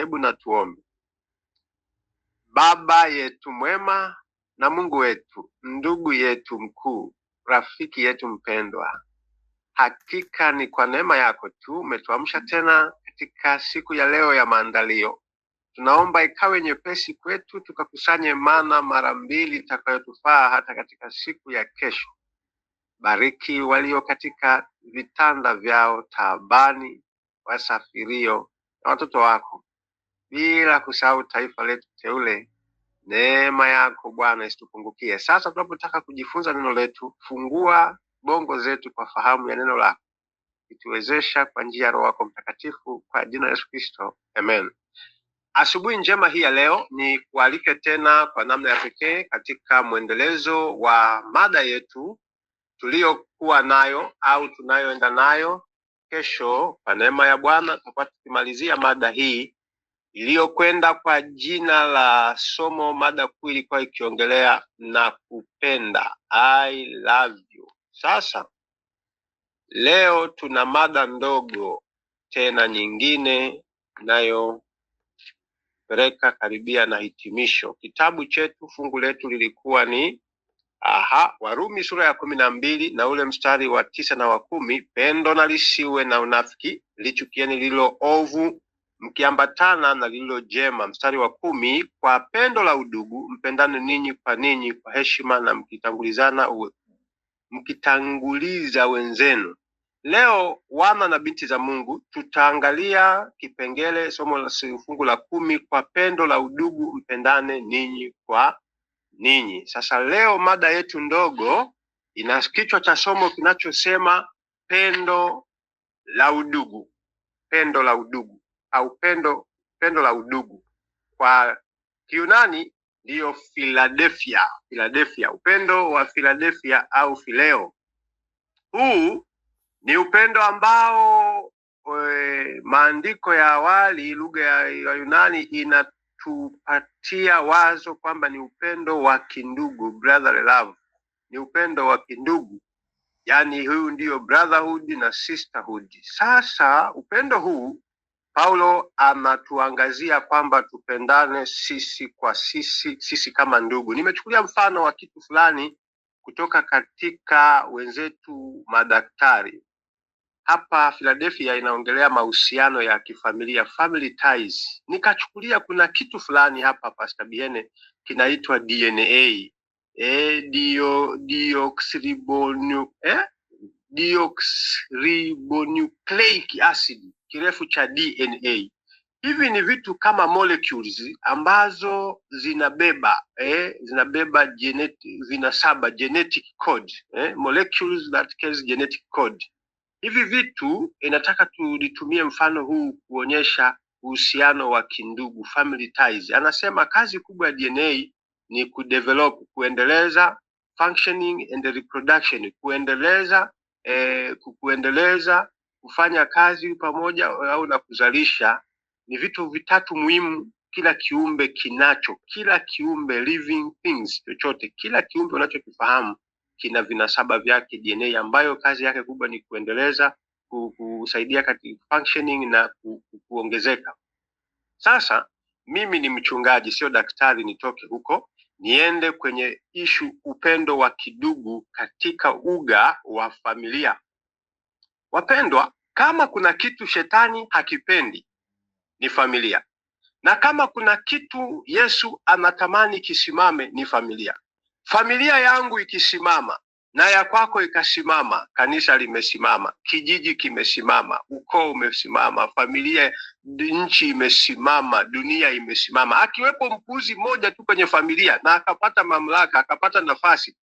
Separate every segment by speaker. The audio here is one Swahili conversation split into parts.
Speaker 1: Hebu na tuombe. Baba yetu mwema na Mungu wetu, ndugu yetu mkuu, rafiki yetu mpendwa, hakika ni kwa neema yako tu umetuamsha tena katika siku ya leo ya maandalio. Tunaomba ikawe nyepesi kwetu, tukakusanye mana mara mbili itakayotufaa hata katika siku ya kesho. Bariki walio katika vitanda vyao taabani, wasafirio na watoto wako bila kusahau taifa letu teule. Neema yako Bwana isitupungukie. Sasa tunapotaka kujifunza neno letu, fungua bongo zetu kwa fahamu ya neno lako, ituwezesha kwa njia ya Roho wako Mtakatifu, kwa jina la Yesu Kristo, amen. Asubuhi njema hii ya leo, ni kualike tena kwa namna ya pekee katika mwendelezo wa mada yetu tuliyokuwa nayo au tunayoenda nayo. Kesho kwa neema ya Bwana tutakuwa tukimalizia mada hii iliyokwenda kwa jina la somo. Mada kuu ilikuwa ikiongelea na kupenda, I love you. Sasa leo tuna mada ndogo tena nyingine inayopeleka karibia na hitimisho. Kitabu chetu fungu letu lilikuwa ni aha, Warumi sura ya kumi na mbili na ule mstari wa tisa na wa kumi, pendo na lisiwe na unafiki, lichukieni lilo ovu mkiambatana na lililo jema. Mstari wa kumi, kwa pendo la udugu mpendane ninyi kwa ninyi kwa heshima na mkitangulizana uwe, mkitanguliza wenzenu. Leo wana na binti za Mungu tutaangalia kipengele somo la fungu la kumi, kwa pendo la udugu mpendane ninyi kwa ninyi. Sasa leo mada yetu ndogo ina kichwa cha somo kinachosema pendo la udugu, pendo la udugu au pendo, pendo la udugu. Kwa Kiunani ndiyo Philadelphia, Philadelphia, upendo wa Philadelphia au fileo Huu ni upendo ambao eh, maandiko ya awali, lugha ya Yunani inatupatia wazo kwamba ni upendo wa kindugu, brotherly love, ni upendo wa kindugu yaani huyu ndiyo brotherhood na sisterhood. Sasa upendo huu Paulo anatuangazia kwamba tupendane sisi kwa sisi, sisi kama ndugu. Nimechukulia mfano wa kitu fulani kutoka katika wenzetu madaktari. Hapa Philadelphia inaongelea mahusiano ya kifamilia, family ties. Nikachukulia kuna kitu fulani hapa Pastor Biene kinaitwa DNA e, eh, dio, deoxyribonucleic eh? dioxribonucleic acid kirefu cha DNA. Hivi ni vitu kama molecules ambazo zinabeba eh, zinabeba genetic, vinasaba genetic code eh, molecules that carries genetic code. Hivi vitu inataka tulitumie mfano huu kuonyesha uhusiano wa kindugu family ties. Anasema kazi kubwa ya DNA ni kudevelop, kuendeleza functioning and reproduction, kuendeleza eh, kuendeleza kufanya kazi pamoja au na kuzalisha ni vitu vitatu muhimu kila kiumbe kinacho. Kila kiumbe living things, chochote, kila kiumbe unachokifahamu kina vinasaba vyake DNA, ambayo kazi yake kubwa ni kuendeleza, kusaidia katika functioning na kuongezeka. Sasa mimi ni mchungaji, sio daktari, nitoke huko niende kwenye ishu upendo wa kidugu katika uga wa familia. Wapendwa, kama kuna kitu shetani hakipendi ni familia, na kama kuna kitu Yesu anatamani kisimame ni familia. Familia yangu ikisimama na ya kwako ikasimama, kanisa limesimama, kijiji kimesimama, ukoo umesimama, familia, nchi imesimama, dunia imesimama. Akiwepo mpuzi mmoja tu kwenye familia na akapata mamlaka, akapata nafasi,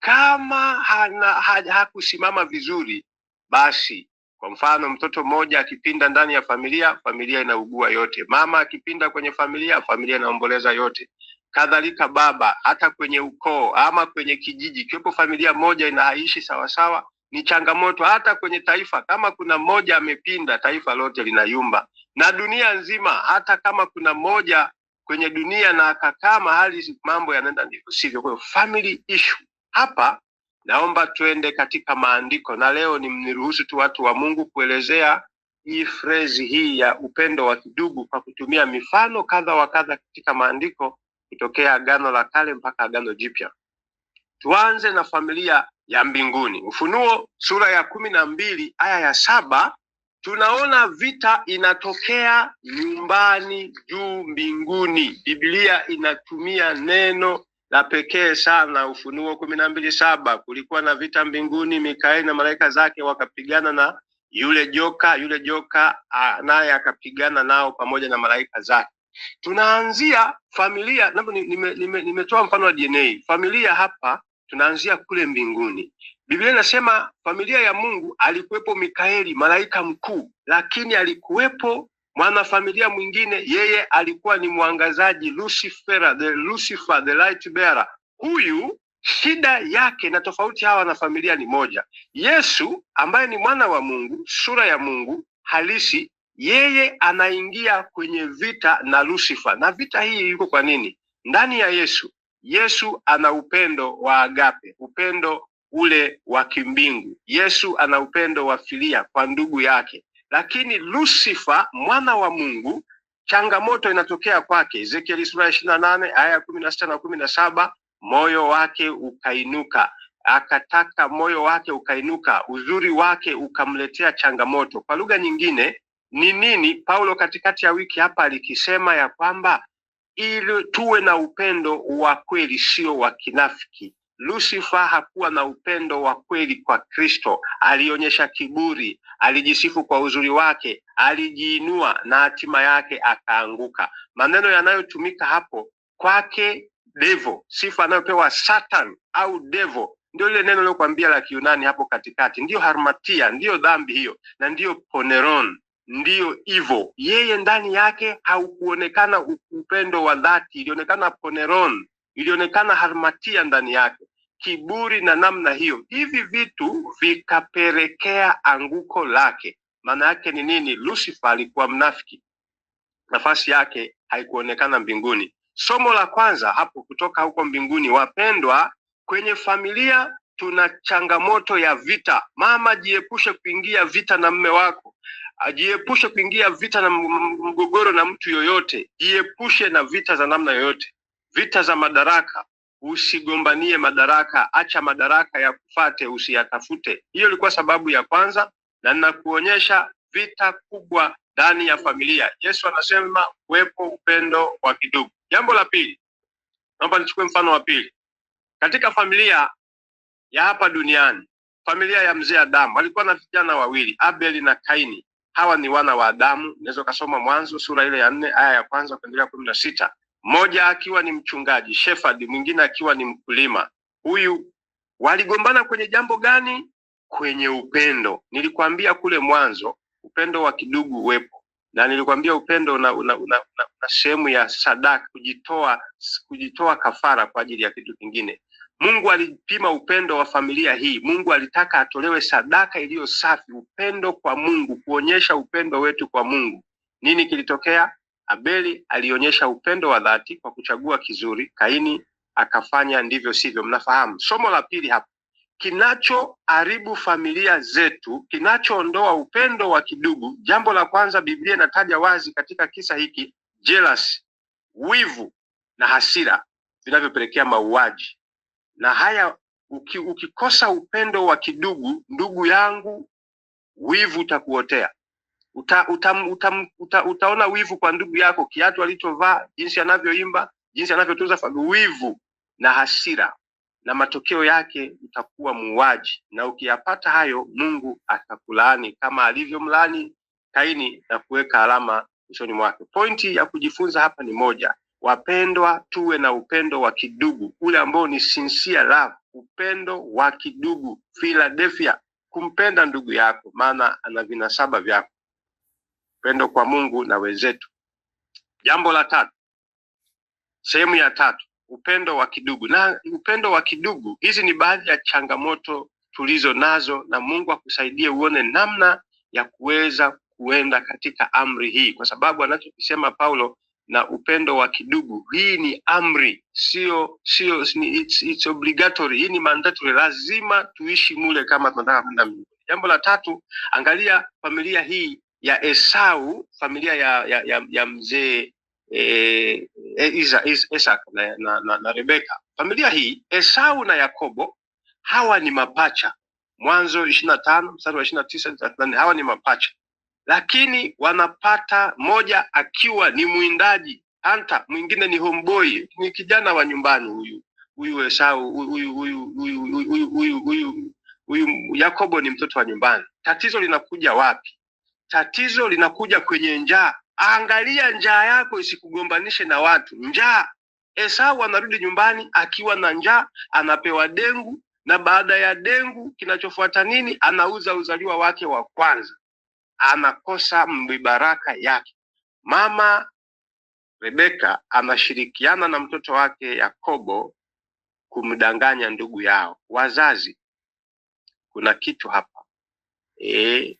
Speaker 1: kama hana, ha, hakusimama vizuri, basi kwa mfano, mtoto mmoja akipinda ndani ya familia, familia inaugua yote. Mama akipinda kwenye familia, familia inaomboleza yote. Kadhalika baba, hata kwenye ukoo ama kwenye kijiji, ikiwepo familia moja inaishi sawasawa, ni changamoto. Hata kwenye taifa, kama kuna mmoja amepinda, taifa lote linayumba, na dunia nzima. Hata kama kuna mmoja kwenye dunia na akakaa mahali, mambo yanaenda ndivyo sivyo. Kwa hiyo family issue hapa Naomba tuende katika maandiko, na leo ni mniruhusu tu watu wa Mungu kuelezea hii frezi hii ya upendo wa kidugu kwa kutumia mifano kadha wa kadha katika maandiko kutokea Agano la Kale mpaka Agano Jipya. Tuanze na familia ya mbinguni. Ufunuo sura ya kumi na mbili aya ya saba tunaona vita inatokea nyumbani juu mbinguni. Biblia inatumia neno la pekee sana Ufunuo kumi na mbili saba kulikuwa na vita mbinguni, Mikaeli na malaika zake wakapigana na yule joka, yule joka naye akapigana nao pamoja na malaika zake. Tunaanzia familia, labda nimetoa nime, nime mfano wa DNA. Familia hapa tunaanzia kule mbinguni. Biblia inasema familia ya Mungu alikuwepo Mikaeli, malaika mkuu, lakini alikuwepo Mwanafamilia mwingine yeye alikuwa ni mwangazaji Lucifer, the Lucifer, the light bearer. Huyu shida yake na tofauti hawa wanafamilia ni moja. Yesu ambaye ni mwana wa Mungu, sura ya Mungu halisi, yeye anaingia kwenye vita na Lucifer. Na vita hii iko kwa nini? Ndani ya Yesu, Yesu ana upendo wa agape, upendo ule wa kimbingu. Yesu ana upendo wa filia kwa ndugu yake. Lakini Lusifa mwana wa Mungu, changamoto inatokea kwake. Ezekieli sura ishirini na nane aya ya kumi na sita na kumi na saba moyo wake ukainuka akataka moyo wake ukainuka, uzuri wake ukamletea changamoto. Kwa lugha nyingine ni nini Paulo katikati ya wiki hapa alikisema ya kwamba ili tuwe na upendo wa kweli, sio wa kinafiki. Lucifer hakuwa na upendo wa kweli kwa Kristo. Alionyesha kiburi, alijisifu kwa uzuri wake, alijiinua na hatima yake akaanguka. Maneno yanayotumika hapo kwake devo, sifa anayopewa Satan au devo, ndio lile neno lilokwambia la Kiunani hapo katikati, ndiyo harmatia, ndiyo dhambi hiyo, na ndiyo poneron ndiyo hivyo. Yeye ndani yake haukuonekana upendo wa dhati, ilionekana poneron, ilionekana harmatia ndani yake kiburi na namna hiyo, hivi vitu vikapelekea anguko lake. Maana yake ni nini? Lucifer alikuwa mnafiki, nafasi yake haikuonekana mbinguni. Somo la kwanza hapo kutoka huko mbinguni. Wapendwa, kwenye familia tuna changamoto ya vita. Mama, jiepushe kuingia vita na mme wako, ajiepushe kuingia vita na mgogoro na mtu yoyote, jiepushe na vita za namna yoyote, vita za madaraka, usigombanie madaraka, acha madaraka ya kufate, usiyatafute. Hiyo ilikuwa sababu ya kwanza, na ninakuonyesha vita kubwa ndani ya familia. Yesu anasema uwepo upendo wa kidugu. Jambo la pili, naomba nichukue mfano wa pili katika familia ya hapa duniani. Familia ya mzee Adamu walikuwa na vijana wawili, Abeli na Kaini. Hawa ni wana wa Adamu. Unaweza ukasoma Mwanzo sura ile ya nne aya ya kwanza kuendelea kumi na sita mmoja akiwa ni mchungaji shepherd, mwingine akiwa ni mkulima. Huyu waligombana kwenye jambo gani? Kwenye upendo. Nilikwambia kule mwanzo upendo wa kidugu uwepo, na nilikwambia upendo una, una, una, una, una sehemu ya sadaka, kujitoa kujitoa kafara kwa ajili ya kitu kingine. Mungu alipima upendo wa familia hii. Mungu alitaka atolewe sadaka iliyo safi, upendo kwa Mungu, kuonyesha upendo wetu kwa Mungu. Nini kilitokea? Abeli alionyesha upendo wa dhati kwa kuchagua kizuri, Kaini akafanya ndivyo sivyo. Mnafahamu somo la pili hapa, kinachoharibu familia zetu, kinachoondoa upendo wa kidugu. Jambo la kwanza, Biblia inataja wazi katika kisa hiki jealousy, wivu na hasira vinavyopelekea mauaji. Na haya uki, ukikosa upendo wa kidugu, ndugu yangu, wivu utakuotea uta, uta, uta, uta, utaona wivu kwa ndugu yako, kiatu alichovaa, jinsi anavyoimba, jinsi anavyotunza familia, wivu na hasira, na matokeo yake utakuwa muuaji, na ukiyapata hayo Mungu atakulaani kama alivyomlaani Kaini na kuweka alama usoni mwake. Pointi ya kujifunza hapa ni moja, wapendwa, tuwe na upendo wa kidugu ule ambao ni sincere love, upendo wa kidugu Philadelphia, kumpenda ndugu yako, maana ana vinasaba vyako pendo kwa Mungu na wenzetu. Jambo la tatu, sehemu ya tatu, upendo wa kidugu. Na upendo wa kidugu, hizi ni baadhi ya changamoto tulizo nazo, na Mungu akusaidie uone namna ya kuweza kuenda katika amri hii, kwa sababu anachokisema Paulo na upendo wa kidugu, hii ni amri, sio sio, it's, it's obligatory. Hii ni mandatory, lazima tuishi mule kama tunataka kwenda mbinguni. Jambo la tatu, angalia familia hii ya Esau, familia ya ya, ya, ya mzee e, e Isaac na, na, na, na Rebeka. Familia hii Esau na Yakobo hawa ni mapacha. Mwanzo ishirini na tano mstari wa ishirini na tisa thelathini hawa ni mapacha, lakini wanapata moja akiwa ni mwindaji hanta, mwingine ni homeboy, ni kijana wa nyumbani huyu huyu Esau huyu huyu huyu Yakobo ni mtoto wa nyumbani. Tatizo linakuja wapi? Tatizo linakuja kwenye njaa. Angalia njaa yako isikugombanishe na watu. Njaa. Esau anarudi nyumbani akiwa na njaa, anapewa dengu, na baada ya dengu kinachofuata nini? Anauza uzaliwa wake wa kwanza, anakosa mibaraka yake. Mama Rebeka anashirikiana na mtoto wake Yakobo kumdanganya ndugu yao. Wazazi, kuna kitu hapa e,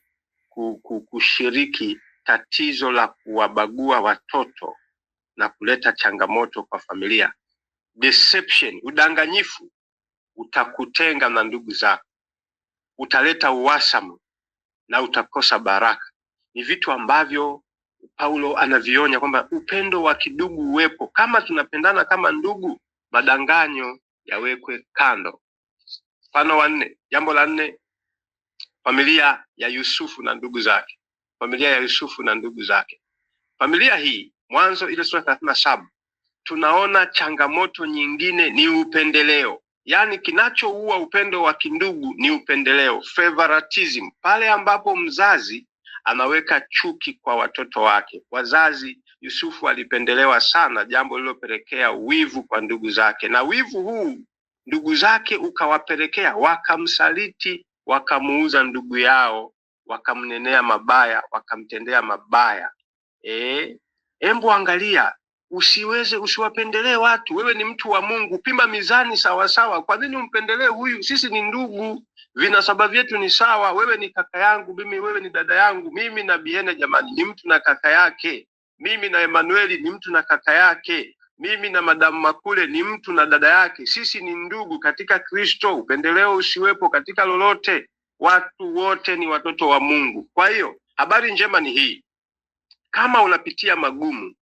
Speaker 1: kushiriki tatizo la kuwabagua watoto na kuleta changamoto kwa familia. Deception, udanganyifu utakutenga na ndugu zako, utaleta uwasamu na utakosa baraka. Ni vitu ambavyo Paulo anavionya kwamba upendo wa kidugu uwepo. Kama tunapendana kama ndugu, madanganyo yawekwe kando. Mfano wa nne, jambo la nne, familia ya Yusufu na ndugu zake, familia ya Yusufu na ndugu zake. Familia hii Mwanzo ile sura thelathini na saba tunaona changamoto nyingine ni upendeleo, yaani kinachoua upendo wa kindugu ni upendeleo, favoritism, pale ambapo mzazi anaweka chuki kwa watoto wake. Wazazi, Yusufu alipendelewa sana, jambo lililopelekea wivu kwa ndugu zake, na wivu huu ndugu zake ukawapelekea wakamsaliti wakamuuza ndugu yao, wakamnenea mabaya, wakamtendea mabaya. E, embo angalia, usiweze usiwapendelee watu. Wewe ni mtu wa Mungu, pima mizani sawa sawa. Kwa nini umpendelee huyu? Sisi ni ndugu, vinasaba vyetu ni sawa. Wewe ni kaka yangu mimi, wewe ni dada yangu mimi. Na Biene jamani, ni mtu na kaka yake. Mimi na Emanueli ni mtu na kaka yake mimi na madamu Makule ni mtu na dada yake, sisi ni ndugu katika Kristo. Upendeleo usiwepo katika lolote, watu wote ni watoto wa Mungu. Kwa hiyo habari njema ni hii, kama unapitia magumu,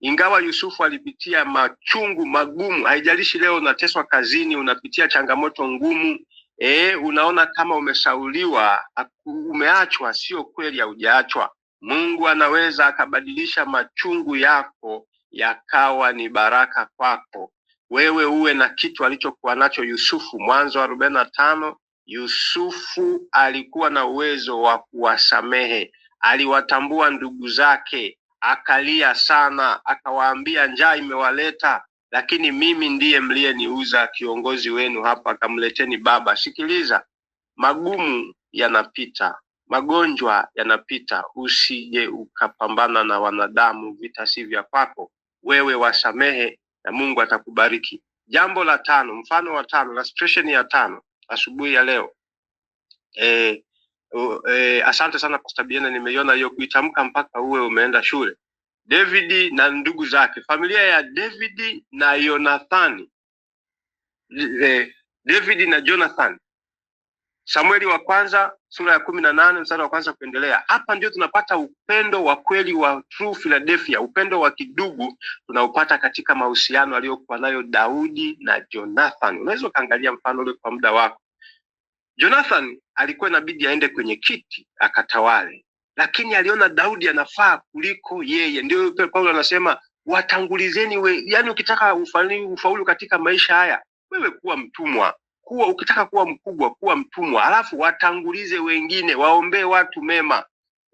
Speaker 1: ingawa Yusufu alipitia machungu magumu, haijalishi leo unateswa kazini, unapitia changamoto ngumu E, unaona kama umesauliwa, umeachwa. Sio kweli, haujaachwa. Mungu anaweza akabadilisha machungu yako yakawa ni baraka kwako. Wewe uwe na kitu alichokuwa nacho Yusufu. Mwanzo arobaini na tano. Yusufu alikuwa na uwezo wa kuwasamehe, aliwatambua ndugu zake, akalia sana, akawaambia njaa imewaleta lakini mimi ndiye mliyeniuza kiongozi wenu hapa, akamleteni baba. Sikiliza, magumu yanapita, magonjwa yanapita. Usije ukapambana na wanadamu, vita si vya kwako wewe wasamehe na Mungu atakubariki. Jambo la tano, mfano wa tano na ya tano asubuhi ya leo e, o, e, asante sana Pastor Biena, nimeiona hiyo kuitamka mpaka uwe umeenda shule. David na ndugu zake, familia ya David na Yonathani, e, David na Jonathan Samueli wa kwanza sura ya kumi na nane mstari wa kwanza kuendelea. Hapa ndio tunapata upendo wa kweli wa true Philadelphia, upendo wa kidugu tunaopata katika mahusiano aliyokuwa nayo Daudi na Jonathan. Unaweza ukaangalia mfano ule kwa muda wako. Jonathan alikuwa inabidi aende kwenye kiti akatawale, lakini aliona Daudi anafaa kuliko yeye. Ndio Paulo anasema watangulizeni we, yani ukitaka ufaulu katika maisha haya wewe kuwa mtumwa kuwa ukitaka kuwa mkubwa, kuwa mtumwa, alafu watangulize wengine, waombee watu mema.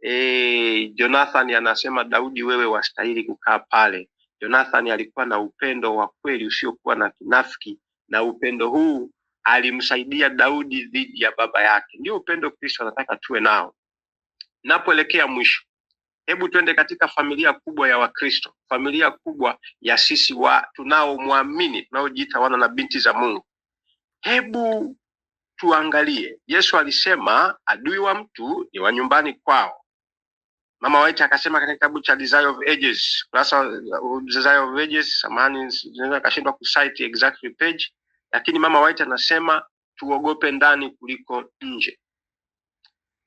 Speaker 1: E, Jonathan anasema Daudi, wewe wastahili kukaa pale. Jonathan alikuwa na upendo wa kweli usiokuwa na kinafiki, na upendo huu alimsaidia Daudi dhidi ya baba yake. Ndio upendo Kristo anataka tuwe nao. Napoelekea mwisho, hebu twende katika familia kubwa ya Wakristo, familia kubwa ya sisi wa tunaomwamini, tunaojiita wana na binti za Mungu. Hebu tuangalie, Yesu alisema adui wa mtu ni wa nyumbani kwao. Mama White akasema katika kitabu cha Desire of Ages, kurasa uh, Desire of Ages, samahani, naweza akashindwa kusite exactly page, lakini Mama White anasema tuogope ndani kuliko nje.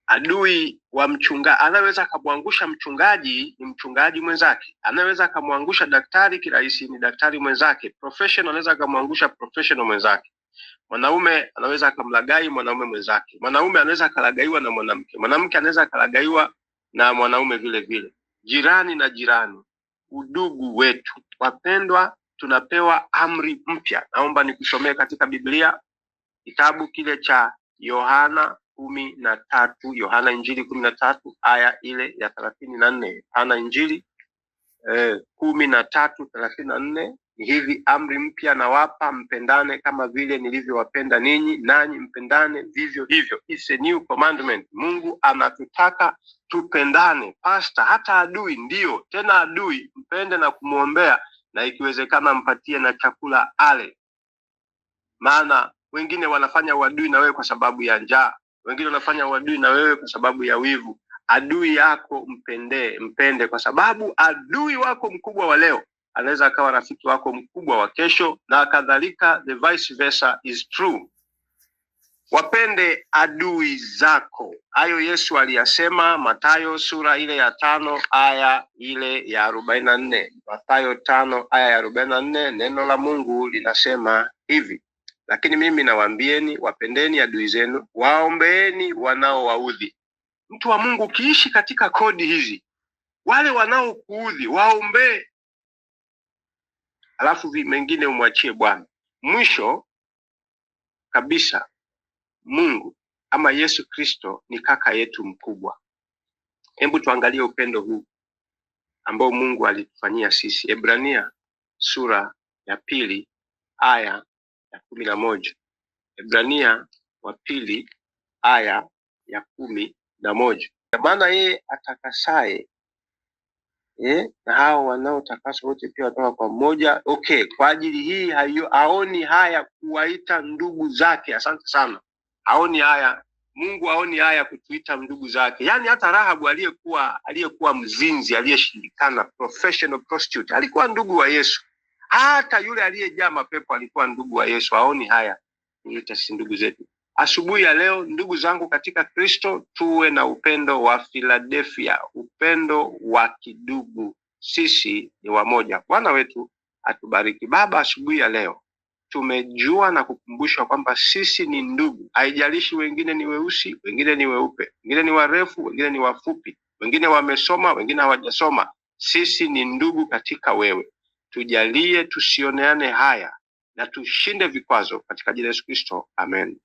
Speaker 1: Adui wa mchunga anaweza akamwangusha mchungaji ni mchungaji mwenzake, anaweza akamwangusha daktari kirahisi ni daktari mwenzake, professional anaweza akamwangusha professional mwenzake. Mwanaume anaweza akamlagai mwanaume mwenzake, mwanaume anaweza akalagaiwa na mwanamke, mwanamke anaweza akalagaiwa na mwanaume vile vile, jirani na jirani, udugu wetu. Wapendwa, tunapewa amri mpya. Naomba nikusomee katika Biblia kitabu kile cha Yohana kumi na tatu Yohana Injili kumi na tatu aya ile ya thelathini na nne Yohana Injili eh, kumi na tatu thelathini na nne hivi amri mpya nawapa, mpendane kama vile nilivyowapenda ninyi, nanyi mpendane vivyo hivyo. It's a new commandment. Mungu anatutaka tupendane, pasta, hata adui, ndio tena adui, mpende na kumwombea, na ikiwezekana mpatie na chakula ale, maana wengine wanafanya uadui na wewe kwa sababu ya njaa, wengine wanafanya uadui na wewe kwa sababu ya wivu. Adui yako mpendee, mpende, kwa sababu adui wako mkubwa wa leo anaweza akawa rafiki wako mkubwa wa kesho na kadhalika, the vice versa is true. Wapende adui zako, hayo Yesu aliyasema Mathayo sura ile ya tano aya ile ya arobaini na nne Mathayo tano aya ya arobaini na nne Neno la Mungu linasema hivi: lakini mimi nawaambieni, wapendeni adui zenu, waombeeni wanaowaudhi. Mtu wa Mungu, ukiishi katika kodi hizi, wale wanaokuudhi waombee alafu mengine umwachie Bwana. Mwisho kabisa, Mungu ama Yesu Kristo ni kaka yetu mkubwa. Hebu tuangalie upendo huu ambao Mungu alitufanyia sisi. Ebrania sura ya pili aya ya kumi na moja. Ebrania wa pili aya ya kumi na moja. Maana yeye atakasaye eh, na hao wanaotakaswa wote pia watoka kwa mmoja. Okay, kwa ajili hii hayo, haoni haya kuwaita ndugu zake. Asante sana, haoni haya Mungu haoni haya kutuita ndugu zake. Yaani hata Rahabu aliyekuwa aliyekuwa mzinzi aliyeshindikana, professional prostitute, alikuwa ndugu wa Yesu. Hata yule aliyejaa mapepo alikuwa ndugu wa Yesu. Haoni haya kuita si ndugu zetu. Asubuhi ya leo, ndugu zangu katika Kristo, tuwe na upendo wa Filadelfia, upendo wa kidugu. Sisi ni wamoja. Bwana wetu atubariki. Baba, asubuhi ya leo tumejua na kukumbushwa kwamba sisi ni ndugu. Haijalishi wengine ni weusi, wengine ni weupe, wengine ni warefu, wengine ni wafupi, wengine wamesoma, wengine hawajasoma. Sisi ni ndugu katika wewe. Tujalie tusioneane haya na tushinde vikwazo katika jina la Yesu Kristo, amen.